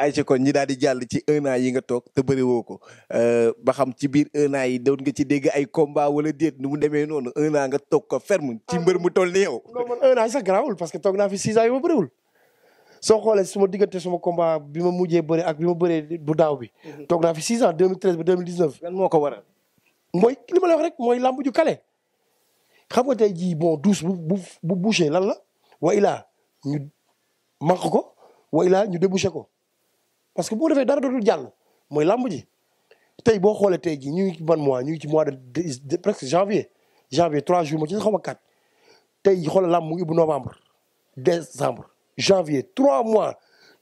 Aïcha kon ñi daal di jàll ci un yi nga toog te bëri woo ko euh, ba xam ci biir un an yi doon nga ci dégg ay combat wala déet nu mu demee noonu un an nga toog ko ferme ci mbër mu toll ni yow. non man an sax garaawul parce que toog naa fi six ans yu ma soo xoolee suma diggante suma combat bi ma mujjee bëri ak bi ma bëree bu daaw bi. Mhm. toog naa fi six ans 2013 ba 2019. lan moo ko waral. mooy li ma la wax rek mooy làmb ju kale. xam nga tey jii bon douze bu bu bu bouché lan la wa ilaa ñu màq ko wa ilaa ñu débouché ko. parce que boo defee dara dootul jàll mooy làmb ji tey boo xoolee tey jii ñu ngi ci ban mois ñu ngi ci mois de presque janvier janvier trois jours ma ci xaw ma quatre tey xoolal làmb mu ngi bu novembre décembre janvier trois mois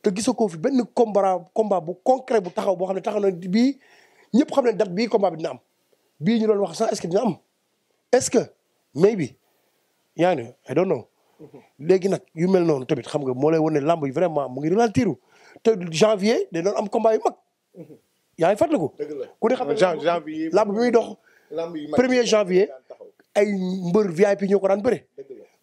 te gisa ko fi benn combat combat bu concret bu taxaw boo xam ne taxaw na bii ñëpp xam ne date bii combat bi dina bii ñu doon wax sax est-ce que dina am est que maybe yaa ngi I don't know mm-hmm. léegi nag yu mel noonu tamit xam nga moo lay wane làmb yi vraiment mu ngi ralentiru te janvier day doon am combat mag. Mhm. yaa ngi fàttaliku. dëgg ku ne xam ne janvier lamb bi muy dox. lamb yi premier janvier ay mbër VIP ñoo ko daan bëre.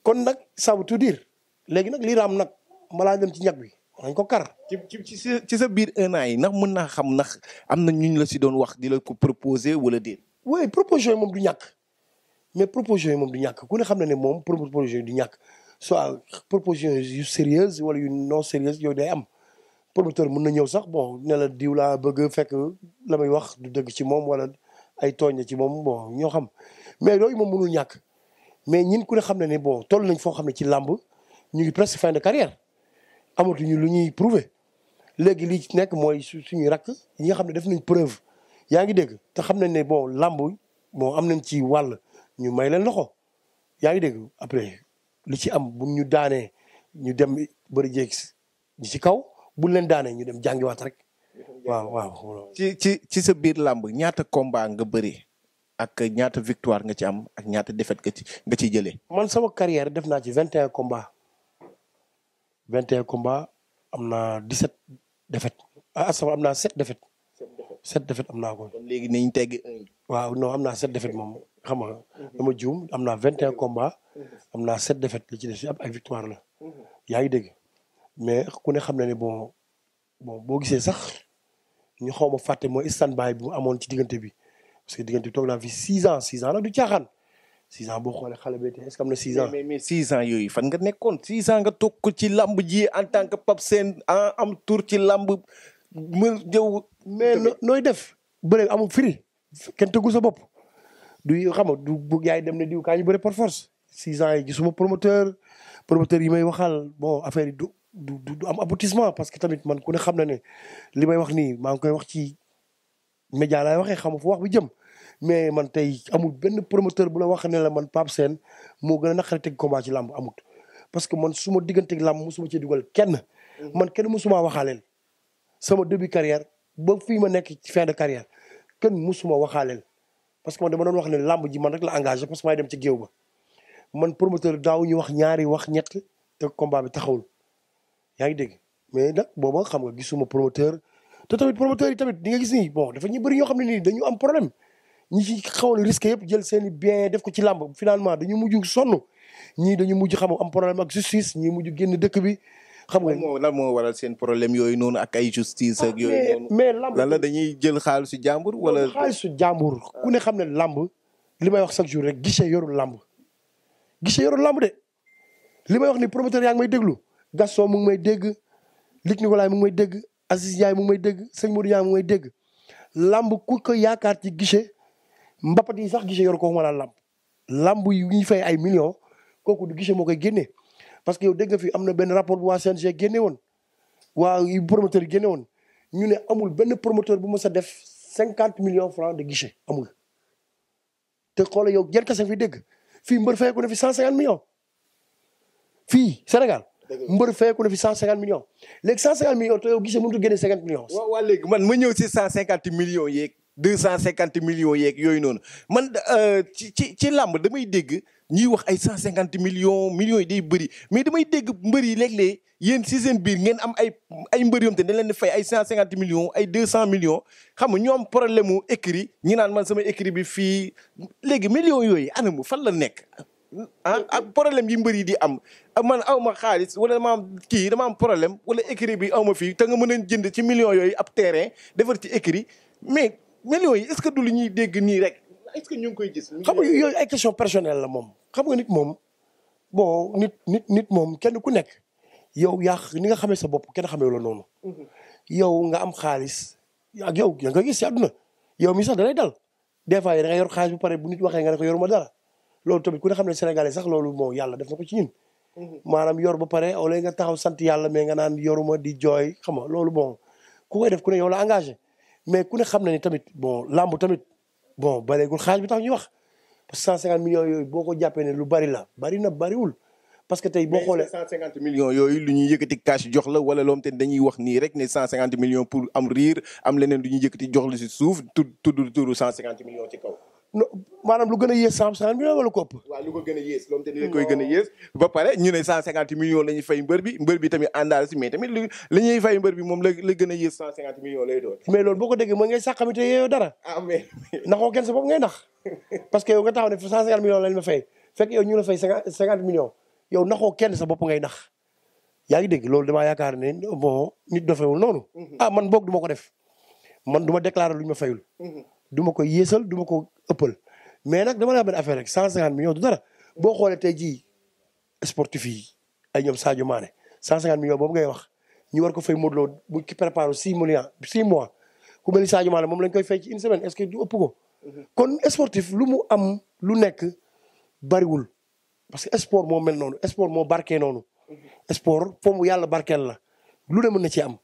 kon nag ça veut tout dire léegi nag lii raam nag malaa dem ci ñag bi dañ ko kar. ci ci ci sa biir un an yi ndax mën naa xam ndax am na ñu la si doon wax dila la ko proposé wala déet. oui proposition yi moom du ñàkk mais proposition yi moom du ñàkk ku ne xam na ne moom proposition yi du ñàkk soit proposition yu sérieuse wala yu non sérieuse yooyu day am. promoteur mun na ñëw sax bon ne la diw laa bëgg fekk lamay wax du dëgg ci moom wala ay tooñ ci moom bon ñoo xam mais loolu moom mënul ñàkk mais ñin ku ne xam ne ne bon toll nañ foo xam ne ci làmb ñu ngi presque fin de carrière amatuñu lu ñuy prouver léegi li ci nekk mooy suñuy rakk yi xam ne def nañ preuve yaa ngi dégg te xam nañ ne bon làmb bon am nañ ci wàll ñu may leen loxo yaa ngi dégg après li ci am bu ñu daanee ñu dem bëri jéeg ñi ci kaw buñ leen daanee ñu dem jàngiwaat rek waaw waaw. ci ci ci sa biir làmb ñaata combat nga bëri ak ñaata victoire nga ci am ak ñaata défaite nga ci nga ciy jëlee. man sama carrière def naa ci vingt et un komba am na dix sept défaite ah sama am naa sept défaite. sept défaite am naa ko. kon léegi nañ tegg waaw no am naa sept défaite moom xam nga. Mhm. ma juum am naa vingt et un mhm. combat. Mhm. am naa set défaite la ci des ak victoire la. yaa ngi dégg mais ku ne xam na ne bon bon boo gisee sax ñu xaw ma fàtte mooy standby bi mu amoon ci diggante bi parce que diggante bi toog naa fi 6 ans 6 ans nag du caaxaan 6 ans boo xoolee xale bi est-ce na 6 ans. mais mais yooyu fan nga nekkoon 6 ans nga toog ko ci lamb ji en tant que Pape Sène ah, am tour ci lamb mu jëw. mais nooy def bëre amul firi kenn tëggu sa bopp du xam nga du bëgg yaay dem ne diw ka yi bëre par force 6 ans yi gisuma promoteur promoteur yi may waxal boo affaire yi du. du du am aboutissement parce que tamit man ku ne xam na ne li may wax nii maa ngi koy wax ci média laay waxee xam fu wax bi jëm mais man tey amul benn promoteur bu la wax ne la man Pape Sène moo gën a naqari teg combat ci làmb amut. parce que man suma ma digganteeg làmb suma ci dugal kenn mhm. man kenn mosuma waxaaleel sama début carrière ba fii ma nekk ci fin de carrière kenn mosuma waxaaleel parce que man dama doon wax ne làmb ji man rek la engagé parce que maay dem ci géew ba man promoteur daaw ñu wax ñaari wax ñett te combat bi taxawul. yaa ngi dégg mais nag booba xam nga gisuma promoteur te tamit promoteur yi tamit di nga gis nii boo dafa ñu bëri ñoo xam ne nii dañu am problème ñi ci xaw a risqué yëpp jël seeni bien def ko ci làmb finalement dañu mujj sonn ñii dañu mujj xam am problème ak justice ñii mujj génn dëkk bi. xam nga moo lan moo waral seen problème yooyu noonu ak ay justice ak yooyu ah, noonu mais làmb la dañuy jël xaalisu jàmbur wala. xaalisu jàmbur ku ne xam ne làmb li may wax chaque jour rek guichet yoru làmb guichet yoru làmb de li may wax ni promoteur yaa ngi may Gaston mu may dégg Luc Nicolaï mu ngi may dégg Aziz Ndiaye mu may dégg sëñ Modou Ndiaye may dégg lamb ku ko yaakaar ci guichet mbapat yi sax guichet yor ko wala lamb lamb yi ñuy fay ay million kooku du guichet moo koy génnee parce que yow dégg nga fi am na benn rapport bu waa CNG génne woon waa promoteur yi génne woon ñu ne amul benn promoteur bu mës a def cinquante millions francs de guichet amul te xoolal yow yan kese fi dégg fii mbër fay ko ne fi cent cinquante Sénégal mbër feeku na fi cent cinquante millions léegi cent cinquante millions te yow man ma ñëw si cent cinquante millions yeeg deux cent cinquante yooyu noonu man euh, ci ci ci làmb damay dégg ñuy wax ay cent cinquante millions millions yi day bëri mais damay dégg mbër yi léeg-léeg yéen si seen biir ngeen am ay ay mbër yom te dañ leen di fay ay cent cinquante millions ay deux cent millions xam nga ñoom problème mu écrit ñi naan man sama écrit bi fii léegi million yooyu anamu fan la nekk ah ak ah, problème yi mbër yi di am ah, man aw ma xaalis wala dama am kii dama am problème wala écrit bi aw ma fii te nga mën a jënd ci millions yooyu ab terrain defar ci écrit mais millions yi est-ce que du lu ñuy dégg nii rek est-ce que ñu ngi koy gis. xam nga yooyu ay question personnelle la moom xam nga nit moom boo nit nit nit moom kenn ku nekk yow yaa ni nga xamee sa bopp kenn xamee la noonu. Mhm. yow nga am xaalis ak yow yaa nga gis si àdduna yow mi sax da dal des fois da nga yor bu pare waxee nga ne ko yoruma dara. loolu tamit ku ne xam ne sénégalais sax loolu moo yàlla def na ko ci ñun mhm. maanaam yor ba pare au lieu nga taxaw sant yàlla mais nga naan yoruma di jooy xam nga loolu bon ku koy def ku ne yow la engagé mais ku ne xam na ni tamit bon lamb tamit bon bareegul xaaj bi tax ñuy wax parce que 150 boo ko jàppee ne lu bari la bari na bariwul parce que tey boo xoolee 150 yooyu lu ñuy yëkkati cash jox la wala loom te dañuy wax nii rek ne 150 millions pour am riir am leneen lu ñuy yëkkati jox la si suuf tudd tudd turu 150 millions ci kaw maanaam lu gën a yées cent cinquante millions wala kopp waaw ko gën a yées tamit koy a yées ba pare ñu fay mbër bi mbër bi tamit àndaale si mais tamit lu li ñuy fay mbër bi moom la la gën a yées cent cinquante millions lay doon ah, nax parce que yow nga taxaw ne cent cinquante millions lañ ma fay fekk yow ñu la fay cinquante millions yow naxoo kenn sa bopp ngay nax yaa ngi dégg loolu damaa yaakaar ne bon nit dofewul noonu mhm. ah man boog du ma ko def man du ma déclarer lu ñu ma fayul mhm. du ma ko yéesal du ma ko ëppal mais nag dama la benn affaire rek 150 millions du dara boo xoolee tey jii sportif yi ay ñoom Sadio Mané 150 millions boobu ngay wax ñu war ko fay Modou Lo bu ki préparé 6 millions 6 mois ku mel ni moom lañ koy fay ci une semaine est-ce que du ëpp ko. kon sportif lu mu am lu nekk bariwul parce que sport moo mel noonu sport moo barkee noonu. sport foofu yàlla barkeel la lu ne mën na ci am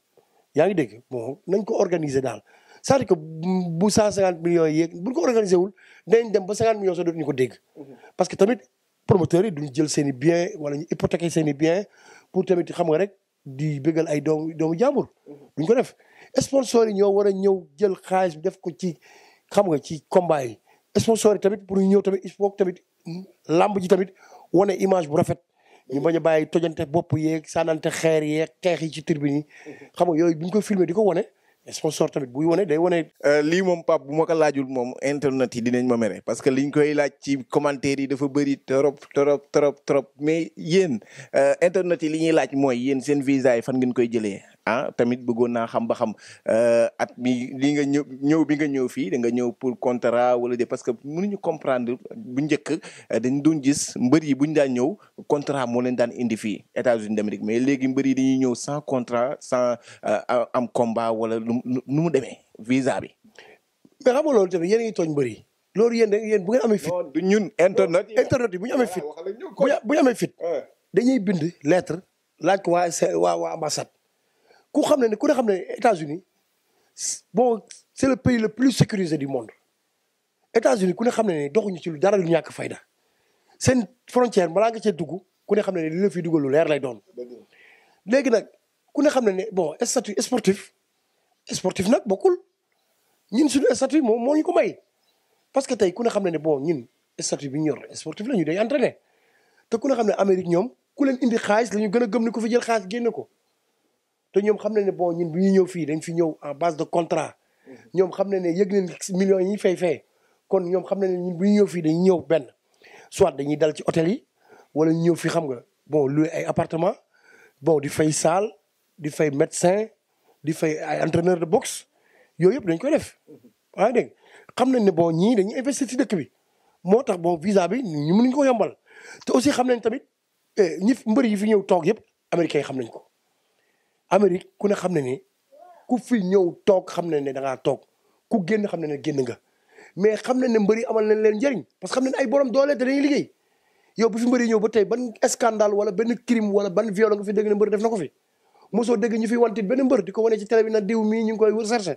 yaa ngi dégg bon ko organiser daal. c'est-à-dire que bu 150 millions yi yeeg bu ñu ko organisé wul dañ dem ba 50 millions sax dootuñu ko dégg. Mhm. parce que tamit promoteurs yi duñ jël seen i biens wala ñu hypothéquer seen i biens pour tamit xam nga rek di bëggal ay doomu doomu jàmbur. Mhm. duñ ko def sponsors yi ñoo war a ñëw jël xaalis def ko ci xam nga ci combat yi. sponsors yi tamit pour ñu ñëw tamit il tamit làmb ji tamit wane image bu rafet. ñu bañ a bàyyi tojante bopp yeeg sànnante xeer yeeg xeex yi ci tribune yi. Mhm. xam nga yooyu bu ko filmé di ko wane. sponsor tamit buy wane day wane. Euh, lii moom Pape bu ma ko laajul moom internet yi dinañ ma mere parce que liñ koy laaj ci commentaire yi dafa bëri trop trop trop trop mais yéen euh, internet yi li ñuy laaj mooy yéen seen visa yi fan ngeen koy jëlee ah tamit bëggoon naa xam ba xam euh, at bi li nga ñëw ñëw bi nga ñëw fii da nga ñëw pour contrat wala de parce que ñu comprendre bu njëkk euh, dañ du gis mbër yi bu ñu daan ñëw contrat moo leen daan indi fii États-Unis d'Amérique mais léegi mbër yi dañuy ñëw sans contrat sans euh, am combat wala lu nu mu demee visa bi. mais xam nga loolu tamit yéen a ngi tooñ mbër loolu yéen yéen bu ngeen amee fit du ñun internet internet bu ñu amee fit ah, bu amee fit dañuy bind lettre laaj ko waa waa waa ambassade ku xam ne ne ku ne xam ne États-Unis bon c'est le pays le plus sécurisé du monde États-Unis ku ne xam ne ne doxuñu ci lu dara lu ñàkk fayda sen frontière balaa nga cee dugg ku ne xam ne ne li dugal lu leer lay doon léegi nag ku ne xam ne ne bon statut sportif sportif nag bokkul ñun suñu statut moom moo ñu ko may parce que tey ku ne xam ne ne bon ñun statut bi ñu yor sportif la ñu day entraîné te ku ne xam ne Amérique ñoom ku leen indi xaalis la ñu gën a gëm ni ko fi jël xaalis génne ko te ñoom xam nañ ne bon ñun bu ñuy ñëw fii dañ fi ñëw en base de contrat ñoom xam nañ ne yëg nañ millions yi fay fay kon ñoom xam nañ ne ñun bu ñuy ñëw fii dañuy ñëw benn soit dañuy dal ci hôtel yi wala ñu ñëw fii xam nga bon loué ay appartement bon di fay salle di fay médecin di fay ay entraîneur de boxe yooyu yëpp dañ koy def waaye xam nañ ne bon ñii dañuy investir ci dëkk bi moo tax bon visa bi ñu mënuñ ko yombal te aussi xam nañ tamit eh, ñi mbër yi fi ñëw toog yëpp américains yi xam nañ ko Amérique ku ne xam ne ni ku fi ñëw toog xam ne ne da ngaa toog ku génn xam ne ne génn nga mais xam ne ne mbëri amal nañ leen njëriñ parce que xam ne ne ay borom doole te dañuy liggéey yow bu fi mbëri ñëw ba tey ban scandale wala benn crime wala ban viol nga fi dégg ne mbëri def na ko fi mosoo dégg ñu fi wantit benn mbër di ko wane ci télé bi na diw mii ñu ngi koy recherché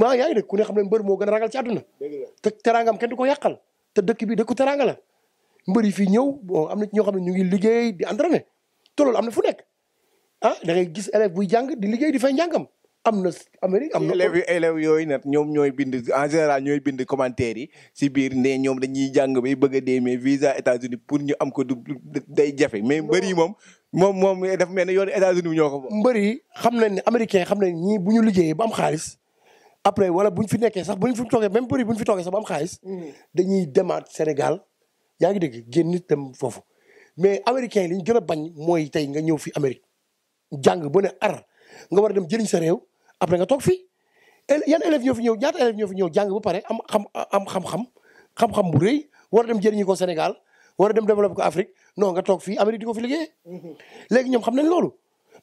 maa yaa ngi dégg ku ne xam ne mbër moo gën a ragal ci àdduna te teraangam kenn du ko yàqal te dëkk bi dëkku teraanga la mbër yi fii ñëw bon am na ñoo xam ne ñu ngi liggéey di entraîné loolu am na fu nekk ah da gis élève buy jàng di liggéey di fay njàngam am na Amérique am na. élèves élèves yooyu nag ñoom ñooy bind en général ñooy bind commentaire yi si biir ne ñoom dañuy jàng bay bëgg a dee mais visa États-Unis pour ñu am ko du day jafe mais mbëri moom. moom moom dafa mel ne yoonu États-Unis ñoo ko. mbëri xam nañ ne américain xam nañ ñii bu ñu liggéeyee ba am xaalis après wala bu ñu fi nekkee sax bu ñu fi toogee même mbëri bu ñu fi toogee sax ba am xaalis. Mm. dañuy demaat Sénégal yaa ngi dégg génn dem foofu mais américain li ñu gën a bañ mooy tey nga ñëw fi Amérique jàng ba ne ar nga war dem jëriñ sa réew après nga toog fi yan élèves ñoo fi ñëw ñaata élèves ñoo fi ñëw jàng ba pare am xam am xam-xam xam bu rëy war dem jëriñi ko Sénégal war a dem développer ko Afrique non nga toog fii Amérique di ko fi liggéeyee mhm. léegi ñoom xam nañ loolu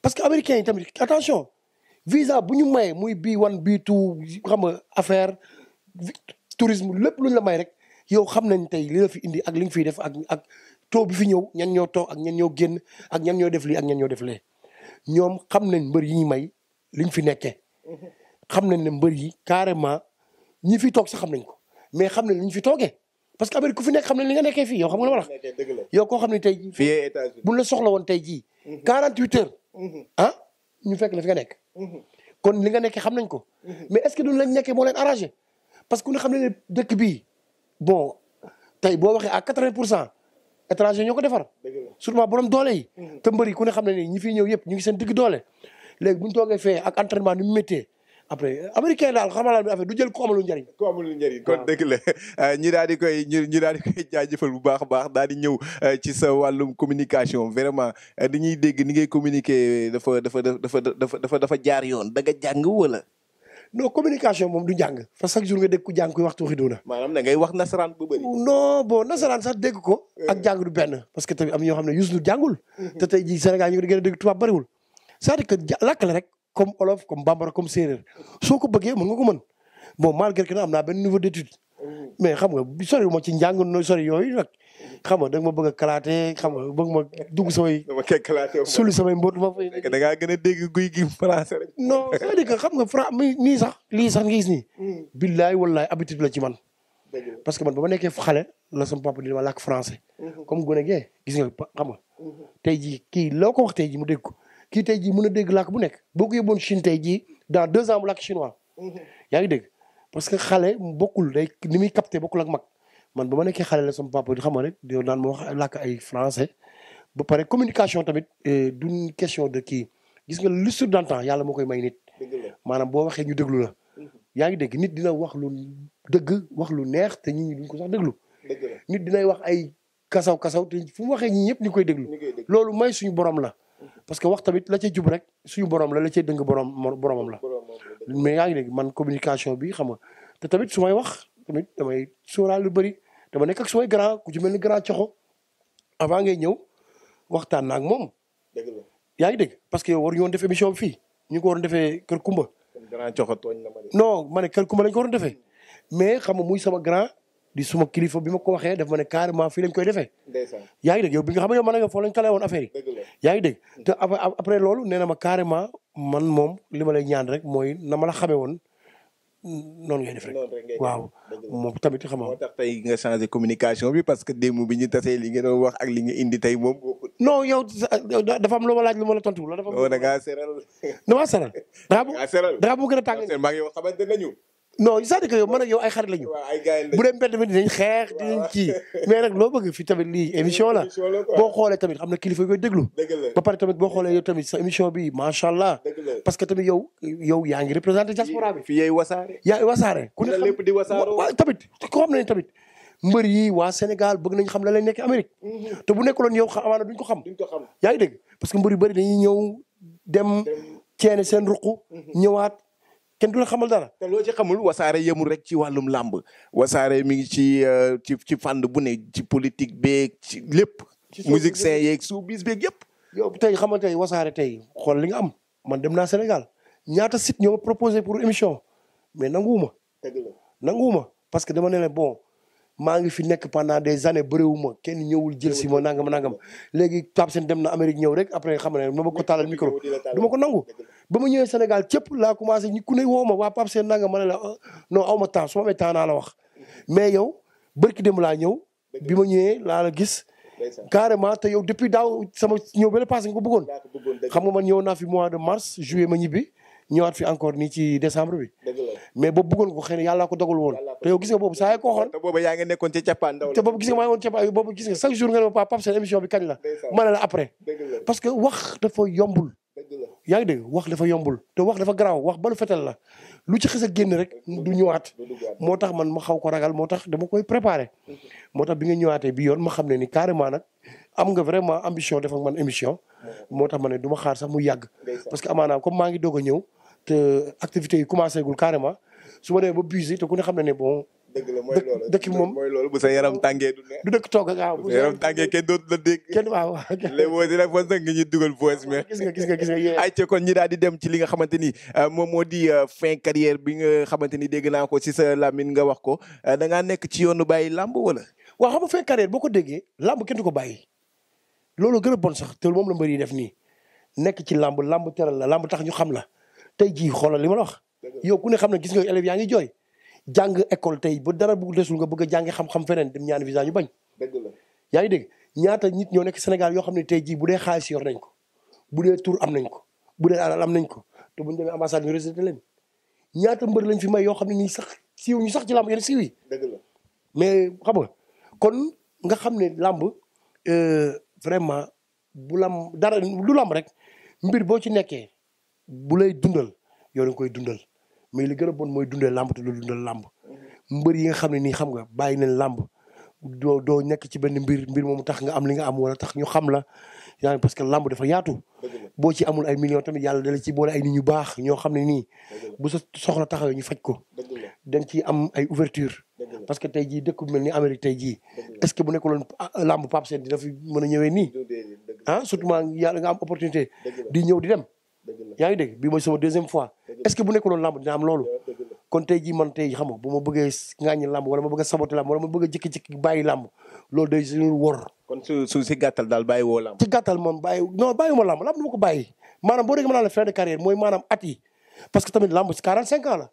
parce que américains yi tamit attention visa bu ñu maye muy B1 B2 xam nga affaire tourisme lu luñ la may rek yow xam nañ tey li la fi indi ak li nga fiy def ak ak taux bi fi ñëw ñan ñoo toog ak ñan ñoo génn ak ñan ñoo def lii ak ñan ñoo def lee ñoom xam nañ mbër yi ñu may liñ fi nekkee xam nañ ne mbër yi carrément ñi fi toog sax xam nañ ko mais xam nañ li ñu fi toogee parce que Amérique ku fi nekk xam nañ li nga nekkee fii yow xam nga yow koo xam ne tey jii buñ la soxla woon tey jii mhm. quarante huit heures mhm. ah ñu fekk la fi nga nekk mhm. kon li nga nekkee xam nañ ko mais est ce que duñ lañ nekkee moo leen arrangé parce que ku xam ne ne dëkk bi bon tey boo waxee a quatre vingt pour cent étranger ñoo ko defar. surtout borom doole yi. Mm-hmm. te mbëri ku ne xam ne ni ñi fi ñëw yëpp ñu ngi seen digg doole. léegi bu ñu toogee fee ak entraînement ni mu méttee après américain daal xamalaa bi affaire du jël ku amul njëriñ ku amul njëriñ kon dëgg la euh, ñi daal di koy ñi daal di koy jaajëfal bu baax a baax daal di ñëw euh, ci sa wàllum communication vraiment dañuy euh, dégg ni ngay communiquer dafa dafa dafa dafa dafa dafa jaar yoon da nga jàng wala no communication moom du jàng fa que chaque jour nga dégg ku jàng kuy waxtu waxi doona. maanaam da nasaraan bu sax dégg ko. Eh. ak jàng du benn parce que tamit am ñoo xam ne Youssou jàngul. Mm-hmm. te tey jii Sénégal ñu ngi gën a dégg tubaab bëriwul. c'est-à-dire que rek comme olof comme bambara comme séeréer soo ko bëggee mën nga ko mën bon malgré que am naa benn de d'étude Mm-hmm. mais xam nga sori ma ci njàng no sori yooyu nag xam nga da nga ma bëgg a kalaatee xam nga ma dugg samay. dama koy kalaatee sulu samay mbóot ma fay. da ngaa gën a dégg guy gi français nga fra mi nii sax lii sax nga gis nii. Mm. billaay wallaay habitude la ci man. parce que man ba ma nekkee xale la sama papa di ma làkk français. Mm-hmm. comme gone gee gis nga xam nga. Mm-hmm. tey jii kii loo ko wax tey jii mu dégg ko kii tey jii a dégg làkk bu nekk boo ko yóbboon Chine tey jii dans deux ans mu làkk chinois. parce que xale bokkul day ni muy capté bokkul ak mag man ba ma nekkee xale la sama papa di xam rek daan ma wax ay français pare communication tamit eh, duñ question de kii gis nga lu sur d'antan yàlla moo koy may nit. maanaam boo waxee ñu déglu la. Mm-hmm. yaa ngi dégg nit dina wax lu dëgg wax lu neex te nit ñi duñ ko sax déglu. nit dinay wax ay kasaw kasaw te fu mu waxee ñi ñëpp ñu koy déglu. loolu may suñu borom la. Mm-hmm. parce que wax tamit la ca jub rek suñu borom la la mais yaa ngi man communication bi xam nga te tamit su may wax tamit damay sóoraal lu bëri dama nekk ak su ku ci mel ni grand coxo avant ngay ñëw waxtaan na ak moom. dëgg la yaa ngi dégg parce que yow waruñu woon def émission bi fii ñu ko waroon defee Kër Kumba. grand coxo tooñ la ma non ma ne Kër Kumba lañ ko waroon defee hmm. mais xam nga muy sama grand. di suma kilifa bi ma ko waxee daf ma ne carrément fii lañ koy defee. yaa ngi dégg yow bi nga xam ne nga foo lañ kale affaire yi. yaa te après loolu nee na ma carrément man moom li ma lay ñaan rek mooy na ma la xamee woon noonu ngay def rek. waaw moom tamit xam nga. moo tax tey nga changé communication bi parce que démb bi ñu tasee li nga doon wax ak li nga tey moom. non yow dafa am lu ma laaj lu ma la tontu la dafa am. Oh, da ngaa seral. da ngaa seral. daa a non c'est-à-dire que yow man ak yow ay xarit lañu. bu mbedd mi dinañ xeex dinañ kii mais nag loo bëgg fi tamit lii émission la boo xoolee tamit xam na kilifa koy ba pare tamit boo xoolee yow tamit sa émission bi macha allah. parce que tamit yow yaa ngi représenté diaspora bi. fii yaay wasaare. yaay wasaare ku tamit ko xam yi waa Sénégal bëgg nañ xam la lay nekk Amérique. Mm-hmm. te bu nekkuloon yow xa amaana duñ ko xam. duñ ko xam yaa ngi dégg parce que mbër yu bëri dañuy ñëw dem ceene seen ruq mm-hmm. ñëwaat kenn du la xamal dara te loo ci xamul wasaare yemul rek ci wàllum làmb wasaare mi ngi ci euh, ci ci fànn bu ne ci politique beeg ci lépp. musique seen yeeg suuf bis beeg yëpp. yow tey xamal tey wasaare tey xool li nga am man dem naa Sénégal ñaata site ñoo ma proposé pour émission mais nanguwuma. ma la nanguwuma parce que dama ne leen maa ngi fi nekk pendant des années bëriwuma kenn ñëwul jël si ma nangam nangam léegi Pape Sène dem na Amérique ñëw rek après xam ne ma bëgg ko taalal micro du ma ko nangu ba ma ñëwee Sénégal cëpp laa commencé ñu ku ne woo ma waa Pape Sène nangam ma ne la euh, non aw ma temps su ma temps naa la wax mais yow bërki dem laa ñëw bi ma ñëwee laa la gis carrément te yow depuis daaw sama ñëw bale passé nga ko bëggoon xam ma man ñëw naa fi mois de mars juillet ma ñibbi ñëwaat fi encore nii ci décembre bi. mais boobu bëggoon ko xëy na yàlla ko dogal woon. te yow gis nga boobu saa yoo ko te boobu yaa ngi nekkoon ci cappaandaw te boobu gis nga maa chaque jour nga ne ma paa seen émission bi kañ la. ma après. parce que wax dafa yombul. yaa ngi dégg wax dafa yombul te wax dafa garaaw wax ba lu fetal la lu ci xës a génn rek du ñëwaat moo tax man ma xaw ko ragal moo tax dama koy préparer mm-hmm. moo tax bi nga ñëwaatee bi yoon ma xam ne ni carrément nag am nga vraiment ambition def man émission mm-hmm. moo tax ma ne du ma xaar sax mu yàgg parce que amaanaam comme maa ngi doog ñëw te euh, activités yi commencé gul carrément su ma demee ba buuse te ku ne xam na ne bon. dëgg la mooy moom mooy loolu bu sa yaram tàngee du ne. dëkk toog ak waaw ah, bu sa yaram tàngee kenn dootu la dégg. kenn waaw waaw. léegi boo dina fas dugal voice ah, mais. gis gis nga gis nga yéen. ay ca kon ñi daal di dem ci li nga xamante ni euh, moom moo di euh, fin carrière bi nga xamante ni dégg naa ko si sa lamine nga wax ko da ngaa nekk ci yoonu bàyyi làmb wala. waaw xam nga fin carrière boo ko déggee làmb kenn du ko bàyyi loolu gën a bon sax te moom la mbër yi def nii nekk ci làmb làmb teral la làmb tax ñu xam la tey jii xoolal li ma la wax. yow ku xam ne gis nga élèves yaa ngi jooy jàng école tey ba dara bu desul nga bëgg a jàngi xam-xam feneen dem ñaan visa bañ. dëgg la yaa ngi dégg ñaata nit ñoo nekk Sénégal yoo xam ne tey jii bu dee xaalis yor nañ ko bu dee tur am nañ ko bu dee alal am nañ ko te bu ñu demee ambassade ñu rejeté leen ñaata mbër lañ fi may yoo xam ne ñuy sax siiw ñu sax ci làmb yenn siiw yi. mais xam nga kon nga xam ne làmb euh, vraiment bu lam dara du làmb rek mbir boo ci nekkee bu lay dundal yow koy dundal mais li gën a bon mooy dundal làmb te doo dundal làmb mbër yi nga xam ne nii xam nga bàyyi nañ làmb doo doo nekk ci benn mbir moom moomu tax nga am li nga am wala tax ñu xam la yaa parce que làmb dafa yaatu boo ci amul ay millions tamit yàlla dala ci boole ay nit ñu baax ñoo xam ne nii bu sa soxla taxawee ñu faj ko dañ ci am ay ouverture parce que tey jii dëkk mel ni Amérique jii est-ce que bu nekkuloon ah, làmb Pape Sène dina fi mën a ñëwee nii ah surtout yàlla nga am opportunité di ñëw di dem yaa ngi dégg bii mooy sama deuxième fois est ce que bu nekkul woon làmb loolu kon tey jii man tey xam ma bëggee ŋaañi làmb wala ma bëgg a saboté làmb wala ma bëgg a jékki-jékki bàyyi si gàttal daal bàyyi woo làmb si gàttal moom bàyyi non bàyyiwuma làmb làmb dama ko bàyyi maanaam boo déggee ma naa la fin de carrière mooy maanaam at yi parce que tamit làmb si 45 ans la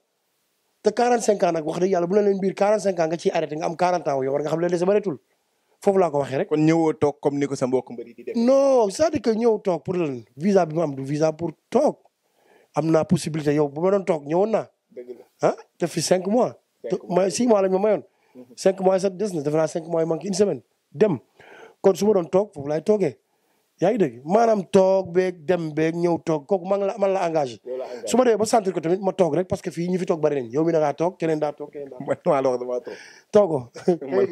te 45 ans nag wax dëgg yàlla bu la leen biir 45 ans nga ciy arrêté nga am 40 foofu laa ko waxee rek. kon ñëwoo toog comme ni ko sa mbokk mbëri que ñëw toog pour lan visa bi ma am du visa pour toog am naa possibilité yow bu ma doon toog ñëwoon naa. dëgg la ah, fi cinq mois. cinq mois six mois lañ ma mayoon. Mhm. cinq mois sax des na def naa cinq mois yi manqué une semaine dem kon su ma doon toog foofu laay toogee. yaa ngi dégg maanaam toog beeg dem beeg ñëw toog kooku man la man la engagé su ma dee ba sentir ko tamit ma toog rek parce que fii ñu fi toog bari nañ yow mi da ngaa toog keneen daa toog keneen daa man maa la wax damaa toog toogo wax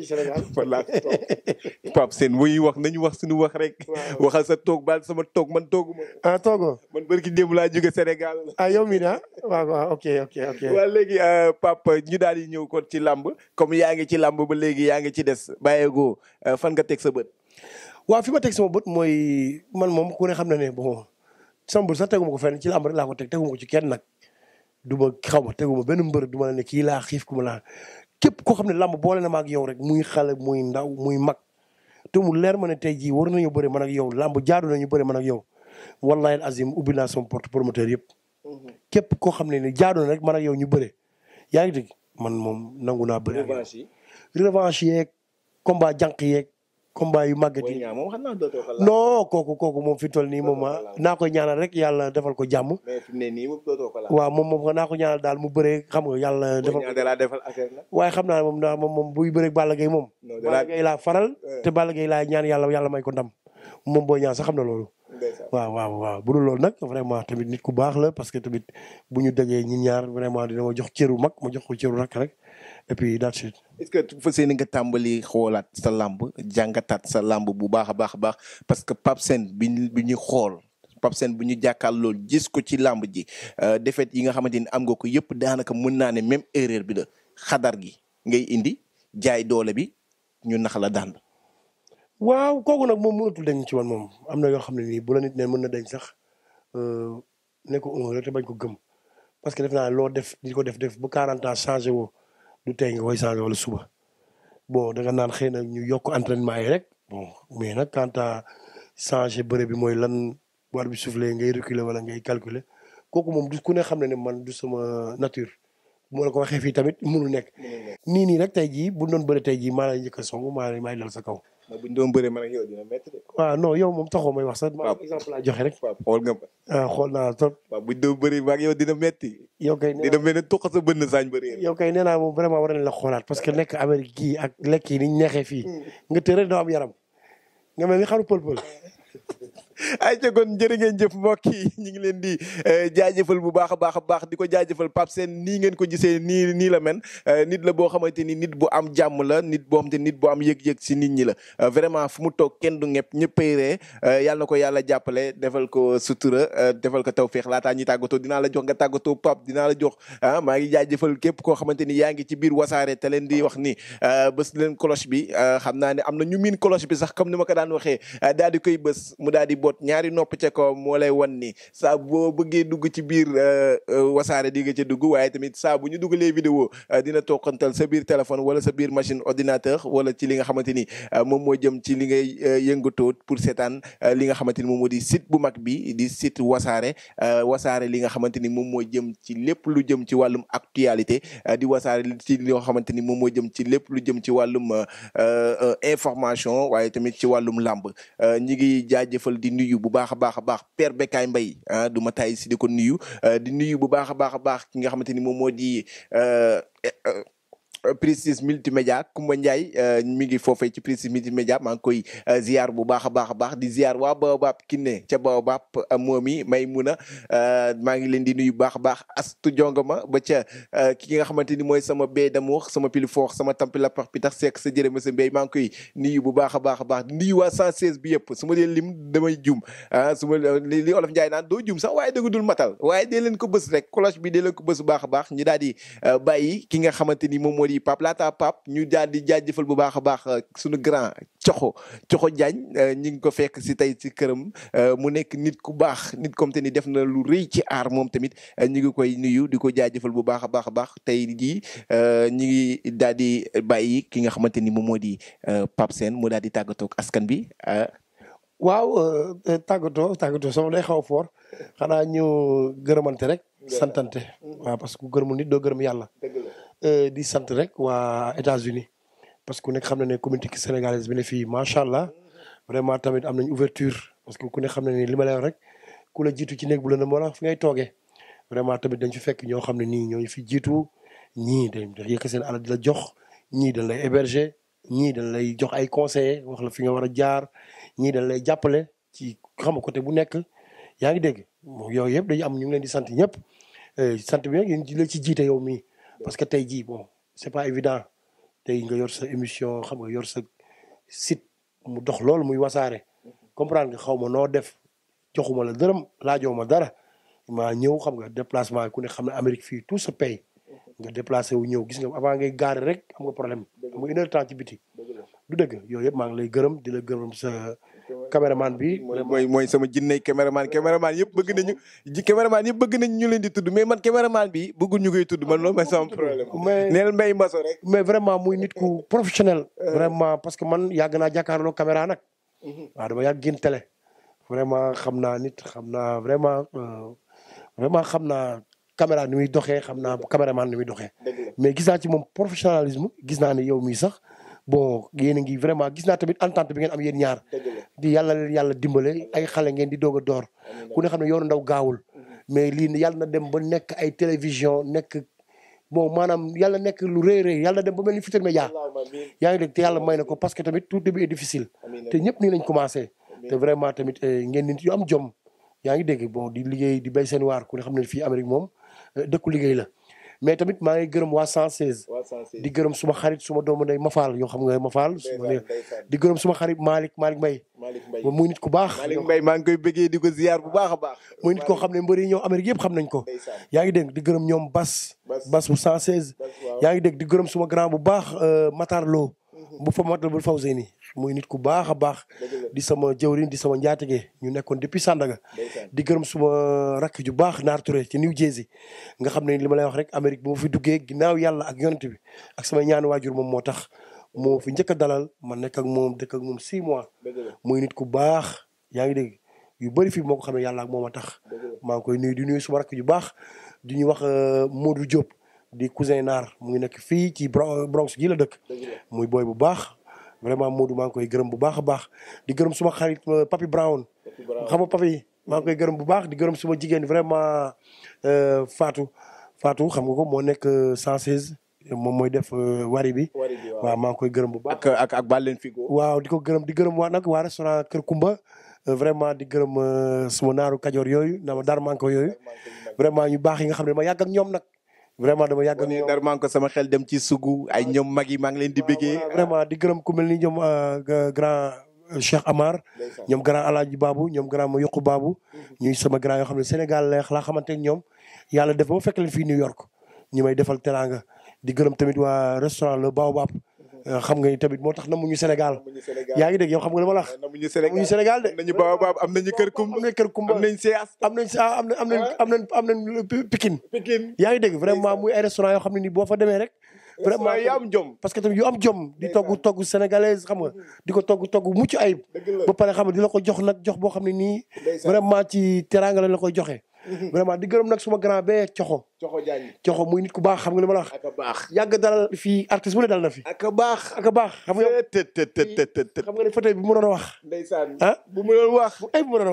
nañu wax wax rek waxal sa toog baal sama toog man tooguma ah toogo man bërki démb laa jóge Sénégal ah yow mi na waaw waaw ok ok ok waaw léegi euh, Pape ñu daal di ñëw ko ci làmb comme yaa ngi ci làmb ba léegi yaa ngi ci des bàyyeegoo euh, fan nga teg sa bët waaw fi ma teg sama bët mooy man moom ku ne xam na ne bon sama bët sax ko fenn ci làmb rek laa ko teg teguma ko ci kenn nag du ma xaw ma teguma benn mbër du ma la ne kii laa xiif ku ma laa képp koo xam ne làmb boole na ma ak yow rek muy xale muy ndaw muy mag te mu leer ma ne tey jii war nañu bëri man ak yow làmb jaadu ñu bëri man ak yow wallahi al azim ubbi naa sama porte promoteur yëpp mhm. képp koo xam ne ne jaadu rek man ak yow ñu bëre yaa ngi dégg man moom nangu naa bëri revanche yeeg combat jànq yeeg combat yu màgget yi moom xam naa dootoo ko laal kooku moom fi toll nii moom ah, naa koy ñaanal rek yàlla defal ko jàmm. mais fi mu ne nii moom waaw moom moom naa ko ñaanal daal mu bëree xam nga yàlla. defal ko defal affaire la. waaye xam naa ne moom daa moom buy bëree Balla Gaye moom. Balla Gaye laa faral. te Balla Gaye laa ñaan yàlla yàlla may ko ndam. moom booy ñaan sax xam na loolu. waaw waaw waaw bu dul loolu nag vraiment tamit nit ku baax la parce que tamit bu ñu dajee ñi ñaar vraiment dina ma jox cëru mag ma jox ko cëru rakk rek et puis that's it. est-ce que fa seen nga tàmbali xoolaat sa làmb jàngataat sa làmb bu baax a baax a baax parce que Pape Sène bi ñu bi ñu xool Pape Sène bu ñu jàkkaarloo gis ko ci lamb ji euh, defet yi nga xamante ni am nga ko yëpp daanaka mën naa ne même erreur bi la xadar gi ngay indi jaay doole bi ñu nax la daan. waaw kooku nag moom mënatul dañ ci woon moom am na yoo xam ne nii bu la nit ne mën na dañ sax euh, ne ko un te bañ ko gëm parce que def naa loo def di def def du tey nga koy changé wala suba bo da nga naan xëy na ñu yokk entraînement yi rek bon mais nag quant à changer bëre bi mooy lan war bi soufflé ngay reculer wala ngay calculer kooku moom du ku ne xam ne ne man du sama nature. moo la ko waxee fii tamit mënul nekk. nii nii rek tey jii bu doon bëre tey jii maa lay njëkk a song maa lay may dal sa kaw. ndax bu ñu doon bëree man dina métti de. non yow moom taxoo may wax sax. waaw exemple laa joxe rek. waaw xool nga ma. ah xool naa trop. waaw bu ñu yow dina métti. yow kay nee naa dina mel ne tuqa sa bënn saañ bëri. kay nee naa moom vraiment war nañ la xoolaat parce que nekk Amérique gii ak lekk yi ni ñu neexee fii. Mm. nga tëral doo am yaram nga mel ni xaru pël pël ay jagoon jërë ngeen jëf mbokk yi ñu ngi leen di eh, jaajafal bu baax a baax a baax di ko jaajëfal Pape seen nii ngeen ko gisee nii nii la men eh, nit la boo xamante ni nit bu am jàmm la nit boo xamante nit bu am yëg-yëg si nit ñi la eh, vraiment fu mu toog kenn du ñëpp ñëppay ree yàlla na ko yàlla jàppale defal ko sutura defal ko tawféex laataa ñuy tàggatoo dinaa la jox nga tàggatoo Pape dinaa la jox ah maa ngi jaajëfal képp koo xamante ni yaa ngi ci biir wasaare te leen di wax ni bés leen cloche bi xam naa ne am na ñu miin cloche bi sax comme ni ma ko daan waxee xóot ñaari nopp ca kaw moo lay wan ni saa boo bëggee dugg ci biir euh, euh, wasaare di nga ca dugg waaye tamit saa bu ñu dugalee vidéo euh, dina toqantal sa biir téléphone wala sa biir machine ordinateur wala ci li nga xamante ni moom moo jëm ci li ngay yëngatoo pour seetaan li nga xamante ni moom moo di site bu mag bi di site wasaare wasaare li nga xamante ni moom moo jëm ci lépp lu jëm ci wàllum actualité di wasaare ci li nga xamante ni moom moo jëm ci lépp lu jëm ci wàllum information waaye tamit ci wàllum làmb ñi ngi nuyu bu baax a baax a baax Père Bekaay Mbaye ah du ma taay si di ko nuyu ah, di bu baax a baax a baax ki nga xamante ni moom moo di euh, Euh, Prestige multimédia Kumba Ndiaye euh, mi ngi foofee ci Prestige multimédia maa ngi koy euh, ziar bu baax a baax a baax di ziar waa Baobab Kiné ca Baobab moom i may mun a maa ngi leen di nuyu baax a baax astu jongama ba ca ki nga xamante ni mooy sama bay damour sama pili foox sama tampi la pax pitax seek sa jërë monsieur Mbaye maa ngi koy nuyu bu baax a baax a baax di nuyu waa 116 bi yëpp su ma dee lim damay jum ah su ma li olof Ndiaye naan doo jum sax waaye dëgg dul matal waaye dee leen ko bës rek cloche bi dee leen ko bës baax a baax daal di bàyyi ki nga xamante ni moom moo mbër yi Pape laata Pape ñu daal di jaajëfal bu baax a baax euh, suñu grand Coxo Coxo Diagne euh, ñi ngi ko fekk si tey si këram euh, mu nekk nit ku baax nit comme te ni def na lu rëy ci aar moom tamit ñu ngi koy nuyu di ko jaajëfal bu baax a baax a baax tey jii ñu ngi daal di bàyyi ki nga xamante ni moom moo di Pape Sène mu daal di tàggatoo ak askan bi. waaw tàggatoo tàggatoo sama lay xaw foor xanaa ñu gërëmante rek santante waaw parce que ku gërëmul nit doo gërëm yàlla. Euh, di sant rek waa États-Unis parce que ku nekk xam na ne communauté sénégalaise bi ne fii macha allah vraiment tamit am nañu ouverture parce que ku nekk xam na ne li ma lay rek ku la jiitu ci néeg bu la moo la fi ngay toogee vraiment tamit dañ ci fekk ñoo xam ne nii ñoo fi jiitu ñii dañ yëkk seen alal di la jox ñii dañ lay héberger ñii dañ lay jox ay conseillers wax la fi nga war a jaar ñii dañ lay jàppale ci xam côté bu nekk yaa ngi dégg yooyu yëpp dañu am ñu ngi leen di sant ñëpp euh, sant bi nag yéen ci la ci jiite yow mii. parce que tey jii bon c' est pas évident tey nga yor sa émission xam nga yor sa sit mu dox loolu muy wasaare comprendre nga xaw ma noo def joxuma la dërëm laajoo ma dara maa ñëw xam nga déplacement ku ne xam ne Amérique fii tout sa paye nga déplacé wu ñëw gis nga avant ngay gaar rek xam nga problème am nga une heure temps ci biti du dëgg yooyu yëpp maa ngi lay gërëm di la gërëm sa caméraman bi mooy mooy sama jinnay caméraman caméraman yëpp bëgg na ji caméraman yëpp bëgg nañ ñu leen di tudd mais man caméraman bi bëggul ñu koy tudd man loolu mooy sama problème neel mbay maso mais vraiment muy nit ku professionnel euh. vraiment parce que man yàgg naa jàkkaarloo caméra nag mhm. waaw dama yàgg télé vraiment xam naa nit xam naa vraiment euh, vraiment xam naa caméra ni muy doxee xam naa caméraman ni muy doxee mais gis naa ci moom professionnalisme gis naa ne yow mii sax bon yéen a ngi vraiment gis naa tamit entente bi ngeen yéen ñaar di yàlla leen yàlla dimbale ay xale ngeen di doog a door ku ne xam ne yoonu ndaw gaawul mm-hmm. mais lii yàlla na dem ba nekk ay télévision nekk bon maanaam yàlla nekk lu rëy rëy yàlla dem ba mel ni futur média yaa ngi dégg te yàlla may na ko parce que tamit tout début est difficile te ñëpp nii lañ commencé te vraiment tamit eh, ngeen nit yu am jom yaa ngi dégg bon di liggéey di bay seen waar ku ne xam ne fii Amérique moom eh, dëkku liggéey la mais tamit maa ngi gërëm waa 116. waa di gërëm suma xarit suma doomu ndey Mafal yoo xam nga Mafal. suma di gërëm suma xarit Malick Malick Mbaye. Malick Mbaye muy nit ku baax. Malick Mbaye maa ngi koy bëggee di ko ziar bu baax a baax. muy nit koo xam ne mbëri ñoom Amérique yëpp xam nañ ko. yaa ngi dégg di gërëm ñoom Bas. Bas bu 116. yaa ngi dégg di gërëm suma grand bu baax euh, Matar Lo. Mhm. bu fa Matar bu ni muy nit ku baax a baax di sama jëwriñ di sama njaatige ñu nekkoon depuis Sandaga di gërëm suma rakk ju baax Naar Touré ci New Jersey nga xam ne li ma lay wax rek Amérique boo fi duggee ginnaaw yàlla ak yonent bi sama ñaanu waajur moom moo tax moo fi njëkk dalal ma nekk moom dëkk ak moom six mois muy nit ku baax yaa ngi dégg yu bëri fii moo ko xamee yàlla ak moom a tax maa ngi koy nuyu di nuyu suma rakk ju baax di ñu wax euh, Modou Diop di cousin Naar mu ngi nekk fii ci Bronx gi la dëkk muy booy bu baax vraiment Modou maa ngi koy gërëm bu baax a baax di gërëm suma xarit euh, Papy Brown xam nga Papy maa ngi koy gërëm bu baax di gërëm suma jigéen vraiment euh, faatu Fatou xam nga ko moo nekk 116 euh, moom mooy def wari bi waaw maa ngi koy gërëm bu baax ak ak leen Balen Figo waaw di ko gërëm di gërëm waa nag waa restaurant Kër Kumba vraiment di gërëm suma naaru kajoor yooyu na ma dar manko yooyu vraiment ñu baax yi nga xam ne ma yàgg ak ñoom nag vraiment dama yàgg ak dar maa sama xel dem ci sugu ay ñoom mag yi maa ngi leen di bëggee. vraiment di gërëm ku mel ni ñoom euh, grand euh, Cheikh Amar ñoom grand Alaaji Babu ñoom grand Mayokku Babu mhm. ñuy sama grand yoo xam ne Sénégal le laa xamante ñoom yàlla def ba ma fekk leen fii New York ñu may defal teraanga di gërëm tamit waa restaurant Le Baobab Euh, xam nga ni tamit moo tax namuñu Sénégal yaa ngi dégg yow xam nga li ma la wax namuñu Sénégal de nañu baaba baab am nañu kër kumba am nañu kër kumba am nañ seas am am nañ am am nañ Pikine Pikine yaa ngi dégg vraiment muy ay restaurant yoo xam ne ni boo fa demee rek vraiment yu jom parce que tamit yu am jom di togg togg sénégalaise xam nga mm-hmm. di ko togg togg mucc ayib ba pare xam nga di la ko jox nag jox boo xam ne nii vraiment ci teranga la la koy joxe vraiment di gërëm nag suma grand bee coxo coxo Diagne muy nit ku baax xam nga li ma la wax. ak a baax yàgg dalal fii artiste bu ne dal na fi. ak a baax ak a baax. xam nga xam nga ne fauteuil bi mu doon wax. ndeysaan ah bu mu doon wax. ay bu mu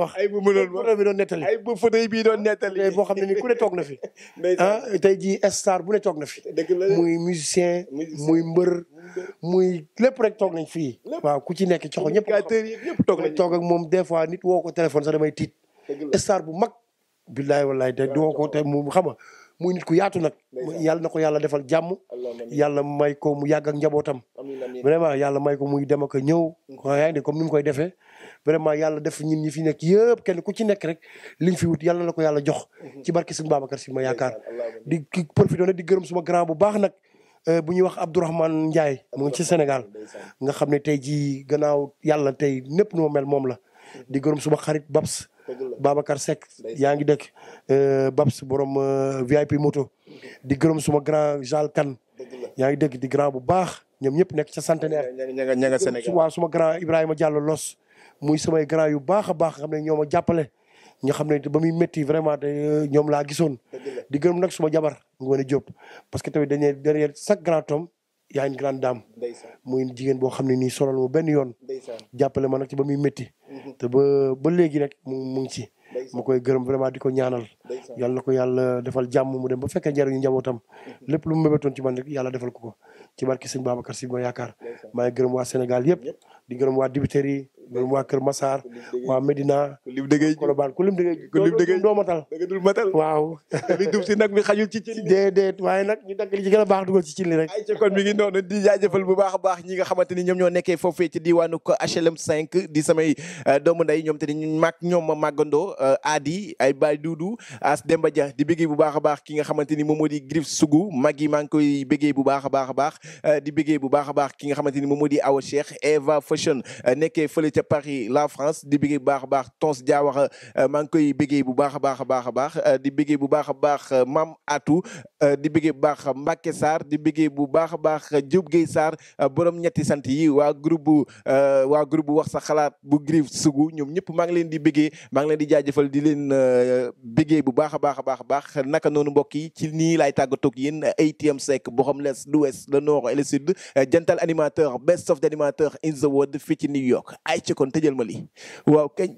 ay bu mu nettali. ay bu fauteuil doon nettali. tey boo xam ne nii ku ne toog na fi. ndeysaan ah tey jii star bu ne toog na fi. dëgg la muy musicien. muy mbër muy lépp rek toog nañ fii. waaw ku ci nekk coxo ñëpp. ñëpp toog nañ toog ak moom des fois nit woo ko téléphone sax damay tiit star bu mag billaay wallaay te du ma ko te moom xam nga muy nit ku yaatu nag yàlla na ko yàlla defal jàmm yàlla may ko mu yàgg ak njabootam vraiment yàlla may ko muy dem ak ñëw yaa ngi comme ni mu koy defee vraiment yàlla def ñun ñi fi nekk yëpp kenn ku ci nekk rek liñ fi wut yàlla na ko yàlla jox mhm. ci barki suñu Babacar Si ma yaakaar di ki profité nag di gërëm suma grand bu baax nag euh, bu ñuy wax Abdourahmane Ndiaye mu ngi ci Sénégal nga xam ne tey jii gannaaw yàlla tey népp nu ma mel moom la mhm. di gërëm suma xarit Babs Babacar Seck yaa ngi dëkk euh, Babs borom euh, VIP moto di gërëm suma grand Jal Kane yaa ngi dëkk di grand bu baax ñoom ñëpp nekk ca centenaire ña nga Sénégal waaw suma grand Ibrahima Diallo Los muy sumay grand yu baax a baax xam ne ñoo ma jàppale nga xam ne ba muy métti vraiment te euh, ñoom laa gisoon di gërëm nag suma jabar nga mën a parce que tamit dañuy derrière chaque grand homme yaa une grande dame. muy jigéen boo xam ne nii solal ma benn yoon. jàppale ma nag ci ba muy métti. Mhm. te ba ba léegi rek mu mu ngi ci. ma koy gërëm vraiment di ko ñaanal. yàlla na ko yàlla defal jàmm mu dem ba fekkee njariñu njabootam. Mhm. lépp lu mu mébétoon ci man rek yàlla defal ko ko ci barki sëñ Babacar si ma yaakaar. maa ngi gërëm waa Sénégal yëpp. di gërëm waa dibiteri yi ñoom waa Kër Massar waa Medina. ku lim dëggee Colobane ku lim dëggee. ku lim dëggee doo matal da nga dul matal. waaw li dugg si nag mi xajul ci cin. déedéet waaye nag ñu dagg li ci gën a baax dugal ci li rek. ay ci kon mi ngi noonu di jaajëfal bu baax a baax ñi ga xamante ni ñoom ñoo nekkee foofee ci diwaanu ko HLM 5 di samay euh, doomu ñoom te ni ñoom ma màggandoo aadi euh, ay baay duudu as Demba Dia di bëggee bu baax a baax ki nga xamante ni moom moo di Grif Sougou mag yi maa bu baax a baax a baax euh, di bëggee bu baax ki nga xamante ni moom moo di Awa Cheikh Eva Fashion nekkee fële ca Paris la France di bëggee bu baax a baax Tons Diawara euh, maa ngi koy bëggee bu baax baax a baax a baax euh, di bëggee bu baax a baax euh, maam atu di bëggee bu baax Mbacke saar di bëggee bu baax a baax Diop Guèye Sarr borom ñetti sant yi waa groupe bu waa groupe bu wax sax xalaat bu Griff Sougou ñoom ñëpp maa ngi leen di bëggee maa ngi leen di jaajëfal di leen bëggee bu baax a baax a baax a baax naka noonu mbokk yi ci nii laay tàggatoog yéen ATM sec boo xam l'est l'ouest le nord et le sud jantal animateur best of d'animateur in the world fii ci New York ci kon tëjal ma lii waaw keñ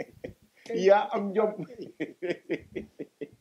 yaa am jom